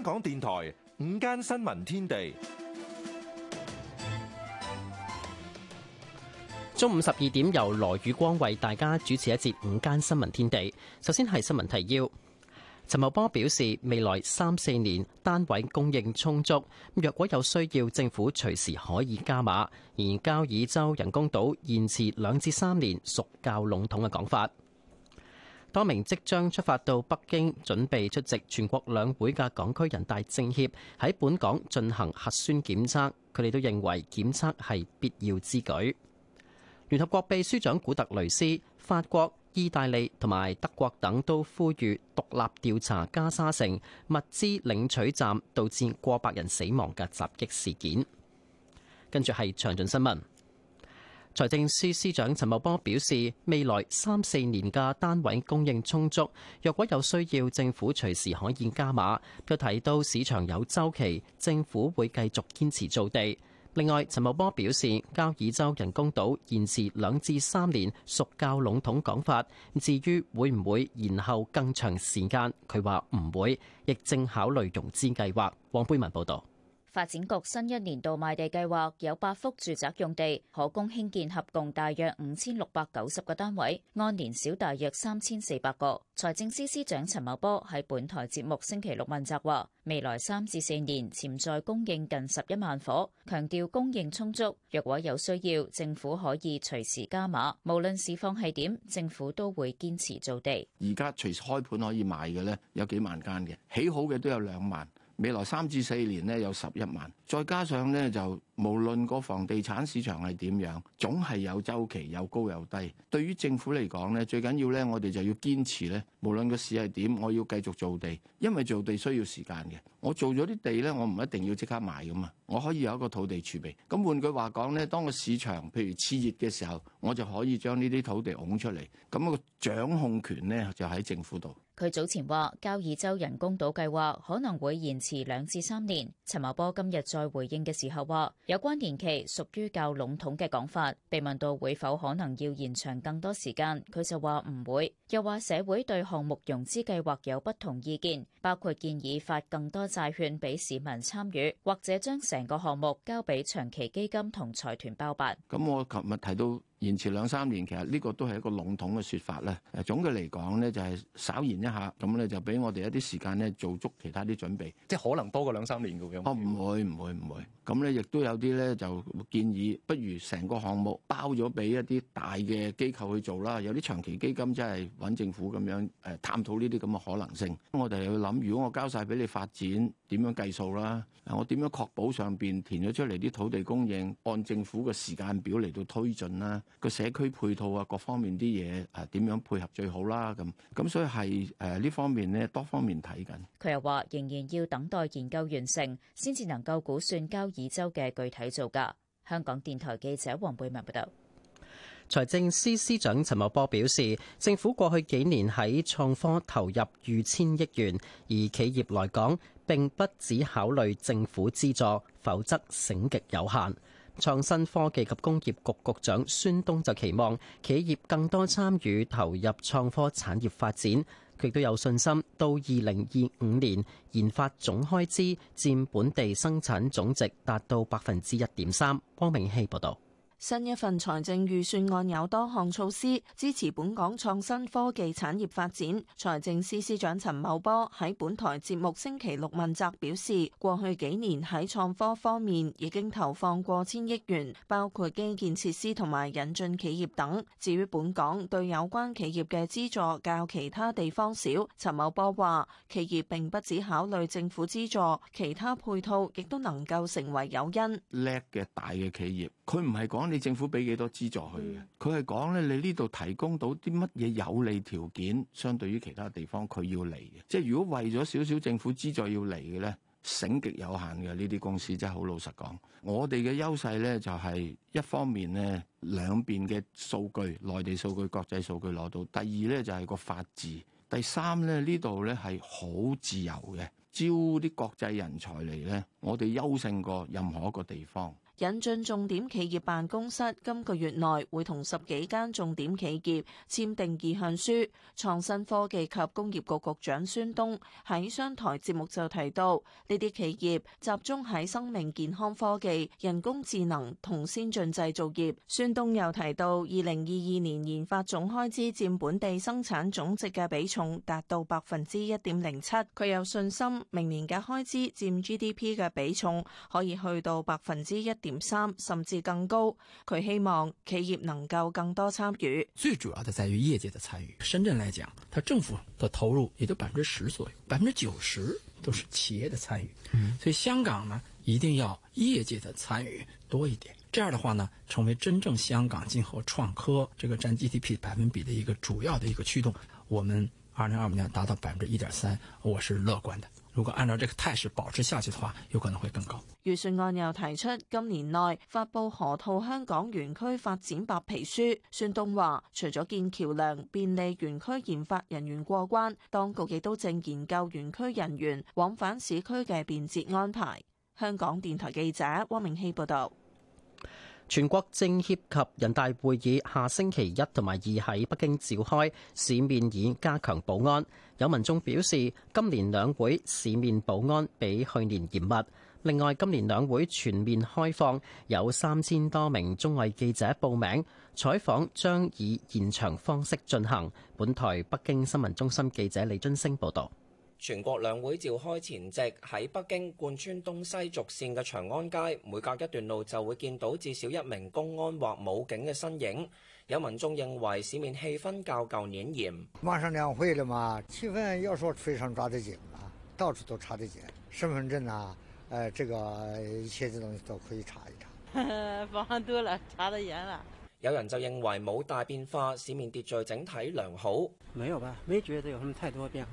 香港電台午間新聞天地，中午十二點，由羅宇光為大家主持一節午間新聞天地。首先係新聞提要。陳茂波表示，未來三四年單位供應充足，若果有需要，政府隨時可以加碼。而交椅洲人工島延遲兩至三年屬較籠統嘅講法。多名即將出發到北京準備出席全國兩會嘅港區人大政協喺本港進行核酸檢測，佢哋都認為檢測係必要之舉。聯合國秘書長古特雷斯、法國、意大利同埋德國等都呼籲獨立調查加沙城物資領取站導致過百人死亡嘅襲擊事件。跟住係詳盡新聞。財政司司長陳茂波表示，未來三四年嘅單位供應充足，若果有需要，政府隨時可以加碼。佢提到市場有周期，政府會繼續堅持造地。另外，陳茂波表示，交椅洲人工島延遲兩至三年屬較籠統講法。至於會唔會延後更長時間，佢話唔會，亦正考慮融資計劃。黃貝文報導。發展局新一年度賣地計劃有八幅住宅用地可供興建，合共大約五千六百九十個單位，按年少大約三千四百個。財政司司長陳茂波喺本台節目星期六問責話，未來三至四年潛在供應近十一萬伙，強調供應充足，若果有需要，政府可以隨時加碼。無論市況係點，政府都會堅持造地。而家隨時開盤可以賣嘅咧，有幾萬間嘅，起好嘅都有兩萬。未來三至四年咧有十一萬，再加上咧就無論個房地產市場係點樣，總係有周期，有高有低。對於政府嚟講咧，最緊要咧，我哋就要堅持咧，無論個市係點，我要繼續做地，因為做地需要時間嘅。我做咗啲地咧，我唔一定要即刻賣㗎嘛，我可以有一個土地儲備。咁換句話講咧，當個市場譬如熾熱嘅時候，我就可以將呢啲土地拱出嚟。咁個掌控權咧就喺政府度。佢早前話，交椅洲人工島計劃可能會延遲兩至三年。陳茂波今日再回應嘅時候話，有關年期屬於較籠統嘅講法。被問到會否可能要延長更多時間，佢就話唔會。又話社會對項目融資計劃有不同意見，包括建議發更多債券俾市民參與，或者將成個項目交俾長期基金同財團包辦。咁我琴日提到。延遲兩三年，其實呢個都係一個籠統嘅説法啦。總嘅嚟講呢就係、是、稍延一下，咁咧就畀我哋一啲時間咧做足其他啲準備，即可能多過兩三年嘅。哦，唔會唔會唔會。咁咧，亦都有啲咧就建議不如成個項目包咗俾一啲大嘅機構去做啦。有啲長期基金真係揾政府咁樣誒探討呢啲咁嘅可能性。我哋去諗，如果我交晒俾你發展，點樣計數啦？我點樣確保上邊填咗出嚟啲土地供應按政府嘅時間表嚟到推進啦？個社區配套啊，各方面啲嘢誒點樣配合最好啦？咁咁所以係誒呢方面咧，多方面睇緊。佢又話仍然要等待研究完成，先至能夠估算交易。二周嘅具體造價。香港電台記者黃貝文報道。財政司司長陳茂波表示，政府過去幾年喺創科投入逾千億元，而企業來講並不只考慮政府資助，否則省極有限。創新科技及工業局局長孫東就期望企業更多參與投入創科產業發展。佢都有信心，到二零二五年，研發總開支占本地生產總值達到百分之一點三。光明希報道。新一份財政預算案有多項措施支持本港創新科技產業發展。財政司司長陳茂波喺本台節目星期六問責表示，過去幾年喺創科方面已經投放過千億元，包括基建設施同埋引進企業等。至於本港對有關企業嘅資助較其他地方少，陳茂波話：企業並不止考慮政府資助，其他配套亦都能夠成為誘因。叻嘅大嘅企業，佢唔係講。你政府俾幾多資助佢嘅？佢係講咧，你呢度提供到啲乜嘢有利條件，相對於其他地方佢要嚟嘅。即係如果為咗少少政府資助要嚟嘅咧，省極有限嘅呢啲公司很，真係好老實講。我哋嘅優勢咧就係一方面咧兩邊嘅數據，內地數據、國際數據攞到；第二咧就係個法治；第三咧呢度咧係好自由嘅，招啲國際人才嚟咧，我哋優勝過任何一個地方。引進重點企業辦公室今個月內會同十幾間重點企業簽訂意向書。創新科技及工業局局長孫東喺商台節目就提到，呢啲企業集中喺生命健康科技、人工智能同先進製造業。孫東又提到，二零二二年研發總開支佔本地生產總值嘅比重達到百分之一點零七，佢有信心明年嘅開支佔 GDP 嘅比重可以去到百分之一點。點三甚至更高，他希望企業能夠更多參與。最主要的在於業界的參與。深圳來講，他政府的投入也就百分之十左右，百分之九十都是企業的參與。嗯，所以香港呢，一定要業界的參與多一點。這樣的話呢，成為真正香港今後創科這個佔 GDP 百分比的一個主要的一個驅動。我們二零二五年達到百分之一點三，我是樂觀的。如果按照這個態勢保持下去的話，有可能會更高。預算案又提出，今年內發布河套香港園區發展白皮書，孫東話除咗建橋樑便利園區研發人員過關，當局亦都正研究園區人員往返市區嘅便捷安排。香港電台記者汪明熙報道。全國政協及人大會議下星期一同埋二喺北京召開，市面已加強保安。有民眾表示，今年兩會市面保安比去年嚴密。另外，今年兩會全面開放，有三千多名中外記者報名，採訪將以現場方式進行。本台北京新聞中心記者李津升報道。全國兩會召開前夕，喺北京貫穿東西軸線嘅長安街，每隔一段路就會見到至少一名公安或武警嘅身影。有民眾認為市面氣氛較舊年嚴。馬上兩會了嘛，氣氛要說非上抓得緊啊，到處都查得緊，身份證啊，誒、呃，這個一切的東西都可以查一查。呵呵，保安多了，查得嚴啦。有人就認為冇大變化，市面秩序整體良好。沒有吧，沒覺得有什麼太多變化。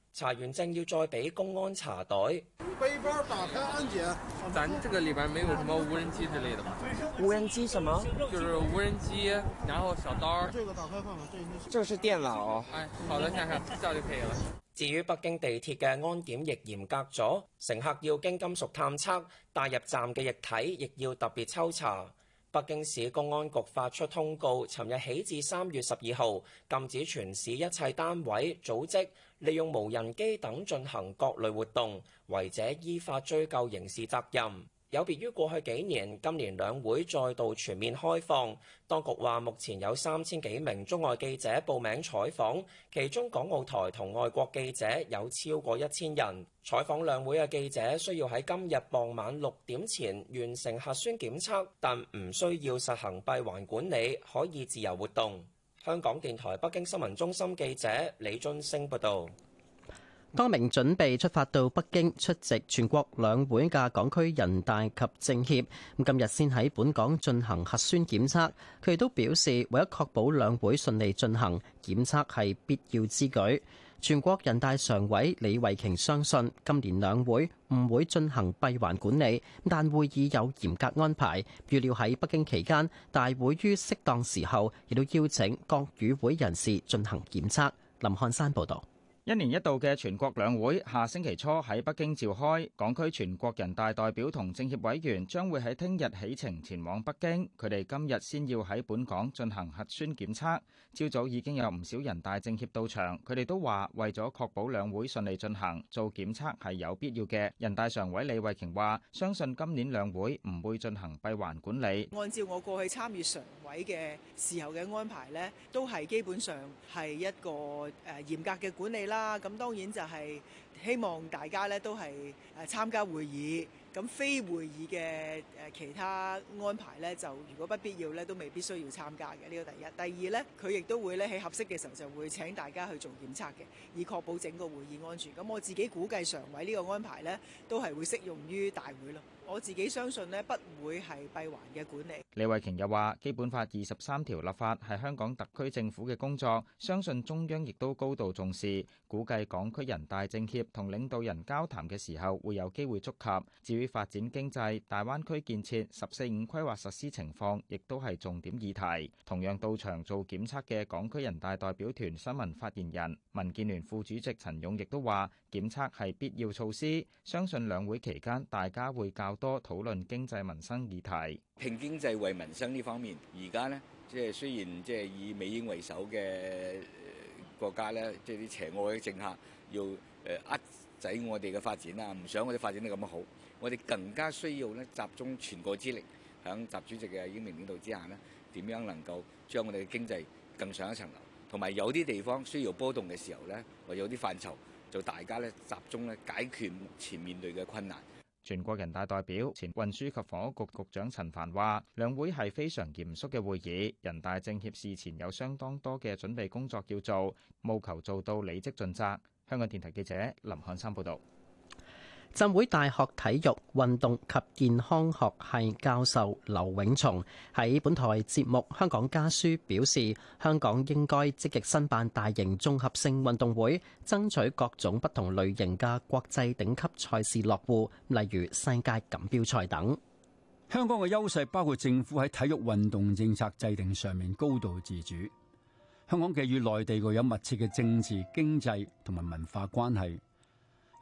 查完證要再俾公安查袋。背包打開安檢。咱這個裏邊沒有什麼無人機之類的吧？無人機什麼？就是無人機，然後小刀。這個打開看看，這是電腦。哎，好的先生，這就可以了。 至於北京地鐵嘅安檢亦嚴格咗，乘客要經金屬探測，帶入站嘅液體亦要特別抽查。北京市公安局發出通告，尋日起至三月十二號禁止全市一切單位組織利用無人機等進行各類活動，違者依法追究刑事責任。有別於過去幾年，今年兩會再度全面開放。當局話，目前有三千幾名中外記者報名採訪，其中港澳台同外國記者有超過一千人。採訪兩會嘅記者需要喺今日傍晚六點前完成核酸檢測，但唔需要實行閉環管理，可以自由活動。香港電台北京新聞中心記者李俊升報道。多名準備出發到北京出席全國兩會嘅港區人大及政協，咁今日先喺本港進行核酸檢測。佢亦都表示，為咗確保兩會順利進行，檢測係必要之舉。全國人大常委李慧瓊相信，今年兩會唔會進行閉環管理，但會議有嚴格安排。預料喺北京期間，大會於適當時候亦都邀請各與會人士進行檢測。林漢山報導。一年一度嘅全國兩會下星期初喺北京召開，港區全國人大代表同政協委員將會喺聽日起程前往北京。佢哋今日先要喺本港進行核酸檢測。朝早已經有唔少人大政協到場，佢哋都話為咗確保兩會順利進行，做檢測係有必要嘅。人大常委李慧瓊話，相信今年兩會唔會進行閉環管理。按照我過去參與常委嘅時候嘅安排咧，都係基本上係一個誒嚴格嘅管理啦。啦，咁當然就係希望大家咧都係誒參加會議，咁非會議嘅誒其他安排咧，就如果不必要咧，都未必需要參加嘅。呢個第一，第二咧，佢亦都會咧喺合適嘅時候就會請大家去做檢測嘅，以確保整個會議安全。咁我自己估計常委呢個安排咧，都係會適用於大會咯。我自己相信呢不會係閉環嘅管理。李慧瓊又話基本法二十三條立法係香港特區政府嘅工作，相信中央亦都高度重視，估計港區人大政協同領導人交談嘅時候會有機會觸及。至於發展經濟大灣區建設十四五規劃實施情況亦都係重點議題，同樣到場做檢測嘅港區人大代表團新聞發言人、民建聯副主席陳勇亦都話。檢測係必要措施，相信兩會期間大家會較多討論經濟民生議題。平經濟為民生呢方面，而家呢，即係雖然即係以美英為首嘅國家咧，即係啲邪惡嘅政客要誒呃仔我哋嘅發展啊，唔想我哋發展得咁好。我哋更加需要咧集中全國之力，響習主席嘅英明領導之下呢，點樣能夠將我哋嘅經濟更上一層樓？同埋有啲地方需要波動嘅時候咧，我有啲範疇。就大家咧集中咧解決目前面對嘅困難，全國人大代表、前運輸及房屋局局長陳凡話，兩會係非常嚴肅嘅會議，人大政協事前有相當多嘅準備工作要做，務求做到履職盡責，香港電台記者林漢山報道。浸會大學體育運動及健康學系教授劉永松喺本台節目《香港家書》表示，香港應該積極申辦大型綜合性運動會，爭取各種不同類型嘅國際頂級賽事落戶，例如世界錦標賽等。香港嘅優勢包括政府喺體育運動政策制定上面高度自主。香港嘅與內地具有密切嘅政治、經濟同埋文化關係。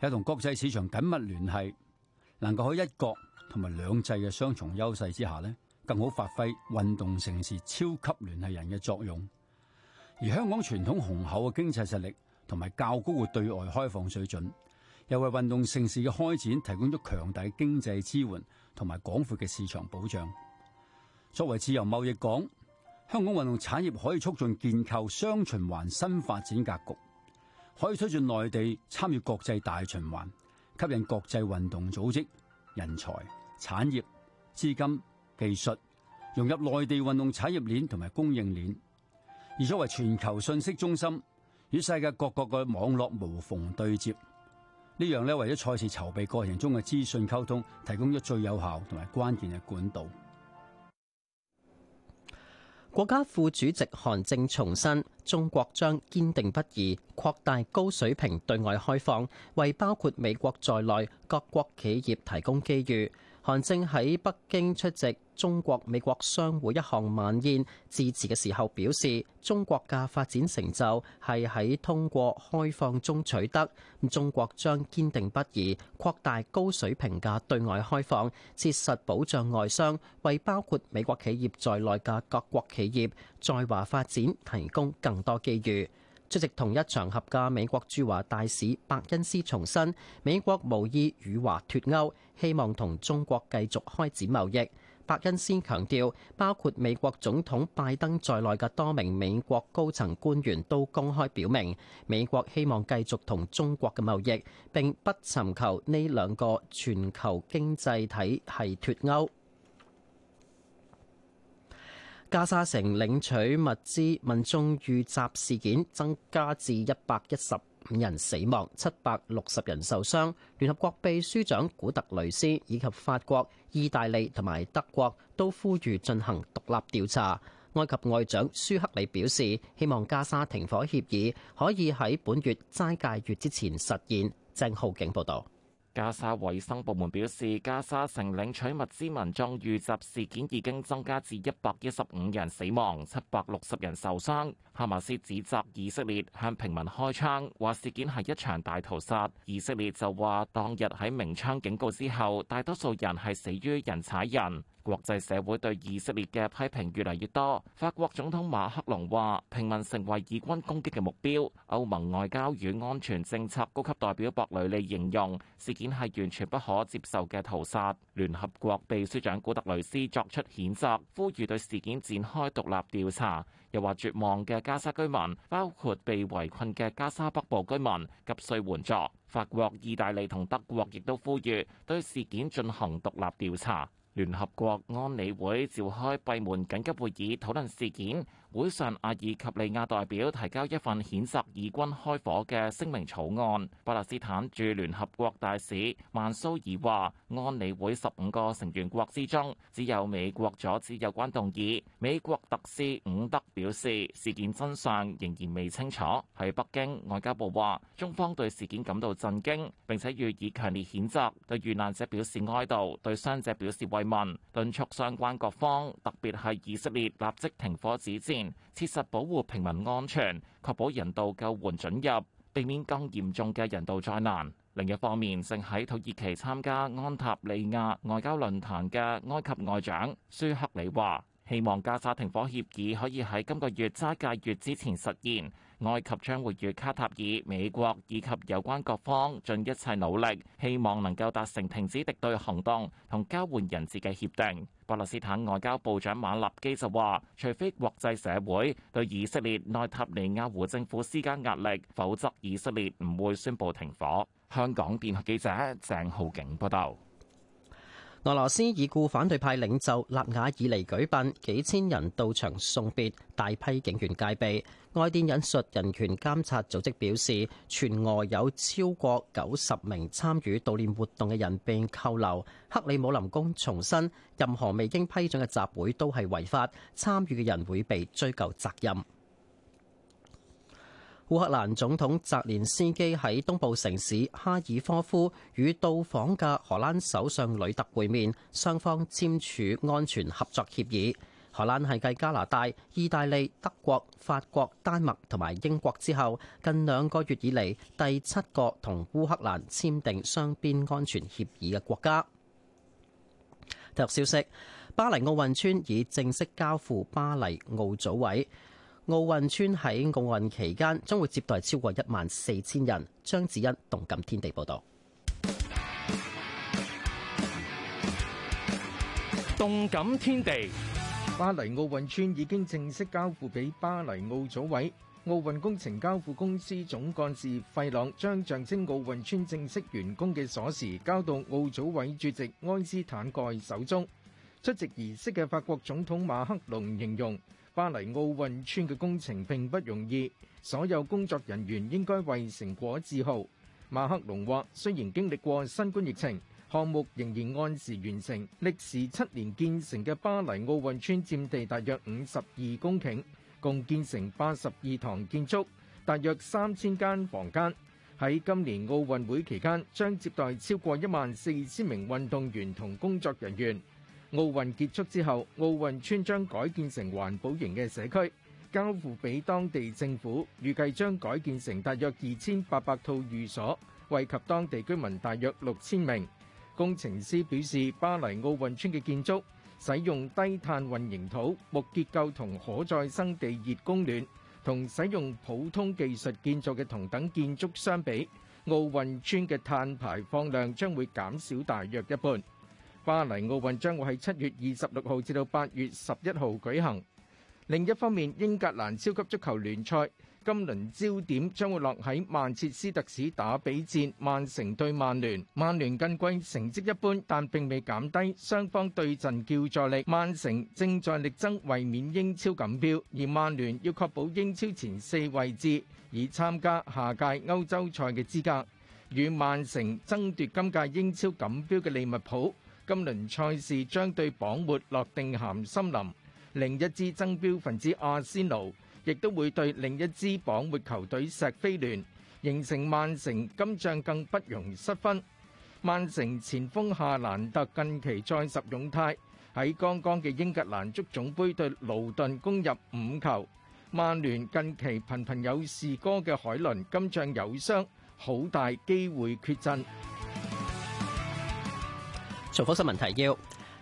有同國際市場緊密聯繫，能夠喺一國同埋兩制嘅雙重優勢之下咧，更好發揮運動城市超級聯繫人嘅作用。而香港傳統雄厚嘅經濟實力同埋較高嘅對外開放水準，又為運動城市嘅開展提供咗強大嘅經濟支援同埋廣闊嘅市場保障。作為自由貿易港，香港運動產業可以促進建構雙循環新發展格局。可以推進內地參與國際大循環，吸引國際運動組織、人才、產業、資金、技術融入內地運動產業鏈同埋供應鏈，而作為全球信息中心與世界各國嘅網絡無縫對接。呢樣咧，為咗賽事籌備過程中嘅資訊溝通提供咗最有效同埋關鍵嘅管道。國家副主席韓正重申，中國將堅定不移擴大高水平對外開放，為包括美國在內各國企業提供機遇。韓正喺北京出席中國美國商會一項晚宴致辭嘅時候表示，中國嘅發展成就係喺通過開放中取得。中國將堅定不移擴大高水平嘅對外開放，切實保障外商，為包括美國企業在內嘅各國企業在華發展提供更多機遇。出席同一場合嘅美國駐華大使伯恩斯重申，美國無意與華脫鉤。希望同中國繼續開展貿易。伯恩斯強調，包括美國總統拜登在內嘅多名美國高層官員都公開表明，美國希望繼續同中國嘅貿易，並不尋求呢兩個全球經濟體系脫鉤。加沙城領取物資民眾遇襲事件增加至一百一十五人死亡，七百六十人受傷。聯合國秘書長古特雷斯以及法國意大利同埋德國都呼籲進行獨立調查。埃及外長舒克里表示，希望加沙停火協議可以喺本月齋戒月之前實現，鄭浩景報道。加沙衛生部門表示，加沙城領取物資民眾遇襲事件已經增加至一百一十五人死亡，七百六十人受傷。哈馬斯指責以色列向平民開槍，話事件係一場大屠殺。以色列就話當日喺鳴槍警告之後，大多數人係死於人踩人。國際社會對以色列嘅批評越嚟越多。法國總統馬克龍話，平民成為以軍攻擊嘅目標。歐盟外交與安全政策高級代表博雷利形容事件，係完全不可接受嘅屠殺。聯合國秘書長古特雷斯作出譴責，呼籲對事件展開獨立調查，又話絕望嘅加沙居民，包括被圍困嘅加沙北部居民，急需援助。法國、意大利同德國亦都呼籲對事件進行獨立調查。聯合國安理會召開閉門緊急會議討論事件。會上，阿爾及利亞代表提交一份譴責以軍開火嘅聲明草案。巴勒斯坦駐聯合國大使曼蘇爾話，安理會十五個成員國之中，只有美國阻止有關動議。美國特使伍德表示，事件真相仍然未清楚。喺北京，外交部話，中方對事件感到震驚，並且予以強烈譴責，對遇難者表示哀悼，對傷者表示慰問，敦促相關各方，特別係以色列立即停火止戰。切實保護平民安全，確保人道救援准入，避免更嚴重嘅人道災難。另一方面，正喺土耳其參加安塔利亞外交論壇嘅埃及外長舒克里話，希望加沙停火協議可以喺今個月齋戒月之前實現。埃及將會與卡塔爾、美國以及有關各方盡一切努力，希望能夠達成停止敵對行動同交換人質嘅協定。巴勒斯坦外交部長馬立基就話，除非國際社會對以色列內塔尼亞胡政府施加壓力，否則以色列唔會宣布停火。香港電台記者鄭浩景報道。俄羅斯已故反對派領袖納瓦爾尼舉辦，幾千人到場送別，大批警員戒備。外電引述人權監察組織表示，全俄有超過九十名參與悼念活動嘅人被扣留。克里姆林宮重申，任何未經批准嘅集會都係違法，參與嘅人會被追究責任。烏克蘭總統澤連斯基喺東部城市哈爾科夫與到訪嘅荷蘭首相呂特會面，雙方簽署安全合作協議。荷蘭係繼加拿大、意大利、德國、法國、丹麥同埋英國之後，近兩個月以嚟第七個同烏克蘭簽訂雙邊安全協議嘅國家。體育消息：巴黎奧運村已正式交付巴黎奧組委。奧運村喺奧運期間將會接待超過一萬四千人。張子欣，動感天地報道。動感天地，巴黎奧運村已經正式交付俾巴黎奧組委。奧運工程交付公司總幹事費朗將象徵奧運村正式完工嘅鎖匙交到奧組委主席埃斯坦蓋手中。出席儀式嘅法國總統馬克龍形容。巴黎奧運村嘅工程並不容易，所有工作人員應該為成果自豪。馬克龍話：雖然經歷過新冠疫情，項目仍然按時完成。歷時七年建成嘅巴黎奧運村佔地大約五十二公頃，共建成八十二幢建築，大約三千間房間。喺今年奧運會期間，將接待超過一萬四千名運動員同工作人員。奧運結束之後，奧運村將改建成環保型嘅社區，交付俾當地政府，預計將改建成大約2800套寓所，惠及當地居民大約6000名。工程師表示，巴黎奧運村嘅建築使用低碳混凝土木結構同可再生地熱供暖，同使用普通技術建造嘅同等建築相比，奧運村嘅碳排放量將會減少大約巴黎奧運將會喺七月二十六號至到八月十一號舉行。另一方面，英格蘭超級足球聯賽今輪焦點將會落喺曼徹斯特市打比戰，曼城對曼聯。曼聯近季成績一般，但並未減低雙方對陣叫座力。曼城正在力爭衛冕英超錦標，而曼聯要確保英超前四位置，以參加下屆歐洲賽嘅資格。與曼城爭奪今屆英超錦標嘅利物浦，今輪賽事將對榜末諾定咸森林，另一支爭標分子阿仙奴，亦都會對另一支榜末球隊錫菲聯，形成曼城今仗更不容失分。曼城前鋒夏蘭特近期再拾勇態，喺剛剛嘅英格蘭足總杯對盧頓攻入五球。曼聯近期頻頻有事，哥嘅海倫今仗有傷，好大機會缺陣。財科新聞提要：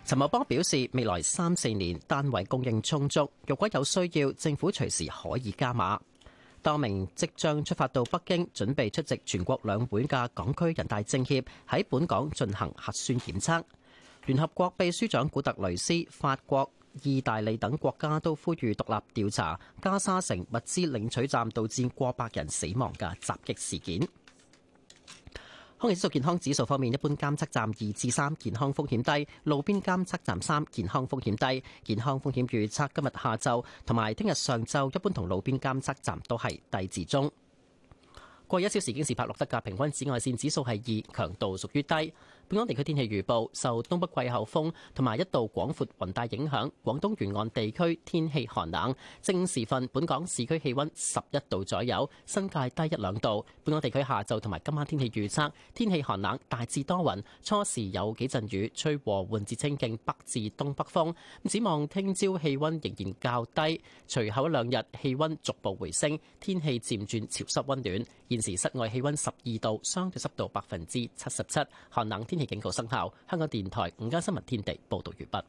陳茂波表示，未來三四年單位供應充足，如果有需要，政府隨時可以加碼。多名即將出發到北京準備出席全國兩會嘅港區人大政協喺本港進行核酸檢測。聯合國秘書長古特雷斯、法國、意大利等國家都呼籲獨立調查加沙城物資領取站導致過百人死亡嘅襲擊事件。空氣質素健康指數方面，一般監測站二至三，健康風險低；路邊監測站三，健康風險低。健康風險預測，今日下晝同埋聽日上晝，一般同路邊監測站都係低至中。過去一小時間是拍落得嘅平均紫外線指數係二，強度屬於低。本港地區天氣預報，受東北季候風同埋一道廣闊雲帶影響，廣東沿岸地區天氣寒冷。正時分，本港市區氣温十一度左右，新界低一兩度。本港地區下晝同埋今晚天氣預測，天氣寒冷，大致多雲，初時有幾陣雨，吹和緩至清勁北至東北風。咁指望聽朝氣温仍然較低，隨後兩日氣温逐步回升，天氣漸轉潮濕温暖。現時室外氣溫十二度，相對濕度百分之七十七，寒冷天氣警告生效。香港電台午間新聞天地報道完畢。